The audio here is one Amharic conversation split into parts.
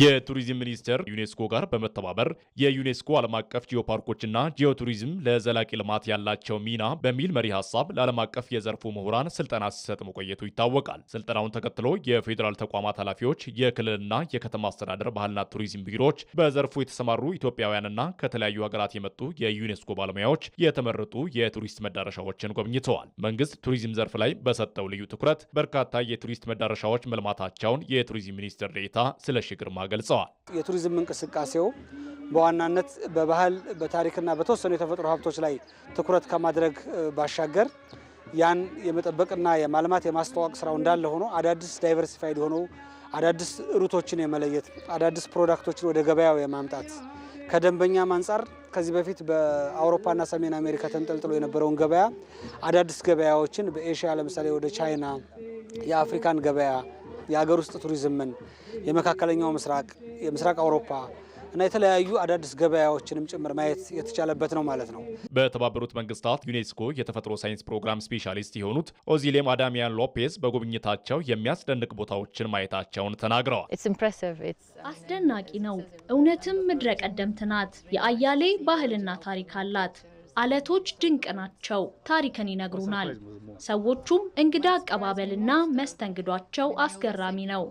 የቱሪዝም ሚኒስቴር ዩኔስኮ ጋር በመተባበር የዩኔስኮ ዓለም አቀፍ ጂኦ ፓርኮችና ጂኦ ቱሪዝም ለዘላቂ ልማት ያላቸው ሚና በሚል መሪ ሀሳብ ለዓለም አቀፍ የዘርፉ ምሁራን ስልጠና ሲሰጥ መቆየቱ ይታወቃል። ስልጠናውን ተከትሎ የፌዴራል ተቋማት ኃላፊዎች፣ የክልልና የከተማ አስተዳደር ባህልና ቱሪዝም ቢሮዎች፣ በዘርፉ የተሰማሩ ኢትዮጵያውያንና ከተለያዩ ሀገራት የመጡ የዩኔስኮ ባለሙያዎች የተመረጡ የቱሪስት መዳረሻዎችን ጎብኝተዋል። መንግስት ቱሪዝም ዘርፍ ላይ በሰጠው ልዩ ትኩረት በርካታ የቱሪስት መዳረሻዎች መልማታቸውን የቱሪዝም ሚኒስትር ዴኤታ ስለሺ ግርማ ገልጸዋል። የቱሪዝም እንቅስቃሴው በዋናነት በባህል በታሪክና በተወሰኑ የተፈጥሮ ሀብቶች ላይ ትኩረት ከማድረግ ባሻገር ያን የመጠበቅና የማልማት የማስተዋወቅ ስራው እንዳለ ሆኖ አዳዲስ ዳይቨርሲፋይድ የሆኑ አዳዲስ ሩቶችን የመለየት አዳዲስ ፕሮዳክቶችን ወደ ገበያው የማምጣት ከደንበኛም አንጻር ከዚህ በፊት በአውሮፓና ሰሜን አሜሪካ ተንጠልጥሎ የነበረውን ገበያ አዳዲስ ገበያዎችን በኤሽያ ለምሳሌ ወደ ቻይና የአፍሪካን ገበያ የሀገር ውስጥ ቱሪዝምን፣ የመካከለኛው ምስራቅ፣ የምስራቅ አውሮፓ እና የተለያዩ አዳዲስ ገበያዎችንም ጭምር ማየት የተቻለበት ነው ማለት ነው። በተባበሩት መንግስታት ዩኔስኮ የተፈጥሮ ሳይንስ ፕሮግራም ስፔሻሊስት የሆኑት ኦዚሌም አዳሚያን ሎፔዝ በጉብኝታቸው የሚያስደንቅ ቦታዎችን ማየታቸውን ተናግረዋል። uh, አስደናቂ ነው። እውነትም ምድረ ቀደምት ናት። የአያሌ ባህልና ታሪክ አላት። አለቶች ድንቅ ናቸው። ታሪክን ይነግሩናል። ሰዎቹም እንግዳ አቀባበልና መስተንግዷቸው አስገራሚ ነው።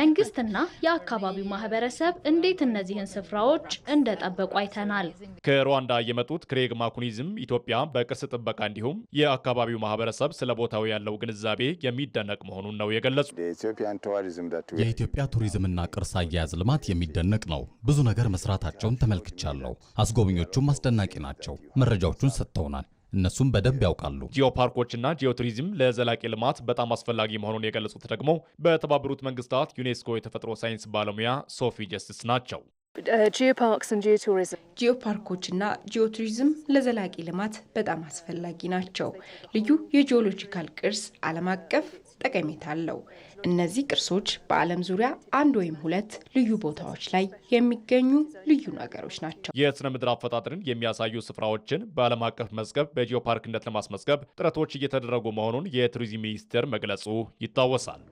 መንግስትና የአካባቢው ማህበረሰብ እንዴት እነዚህን ስፍራዎች እንደጠበቁ አይተናል። ከሩዋንዳ የመጡት ክሬግ ማኩኒዝም ኢትዮጵያ በቅርስ ጥበቃ እንዲሁም የአካባቢው ማህበረሰብ ስለ ቦታው ያለው ግንዛቤ የሚደነቅ መሆኑን ነው የገለጹ። የኢትዮጵያ ቱሪዝምና ቅርስ አያያዝ ልማት የሚደነቅ ነው። ብዙ ነገር መስራታቸውን ተመልክቻለሁ። አስጎብኞቹም አስደናቂ ናቸው። መረጃዎቹን ሰጥተውናል። እነሱም በደንብ ያውቃሉ። ጂኦፓርኮችና ጂኦቱሪዝም ለዘላቂ ልማት በጣም አስፈላጊ መሆኑን የገለጹት ደግሞ በተባበሩት መንግስታት ዩኔስኮ የተፈጥሮ ሳይንስ ባለሙያ ሶፊ ጀስቲስ ናቸው። uh, ጂኦፓርኮችና ጂኦቱሪዝም ለዘላቂ ልማት በጣም አስፈላጊ ናቸው። ልዩ የጂኦሎጂካል ቅርስ ዓለም አቀፍ ጠቀሜታ አለው። እነዚህ ቅርሶች በዓለም ዙሪያ አንድ ወይም ሁለት ልዩ ቦታዎች ላይ የሚገኙ ልዩ ነገሮች ናቸው። የስነ ምድር አፈጣጠርን የሚያሳዩ ስፍራዎችን በዓለም አቀፍ መዝገብ በጂኦፓርክነት ለማስመዝገብ ጥረቶች እየተደረጉ መሆኑን የቱሪዝም ሚኒስቴር መግለጹ ይታወሳል።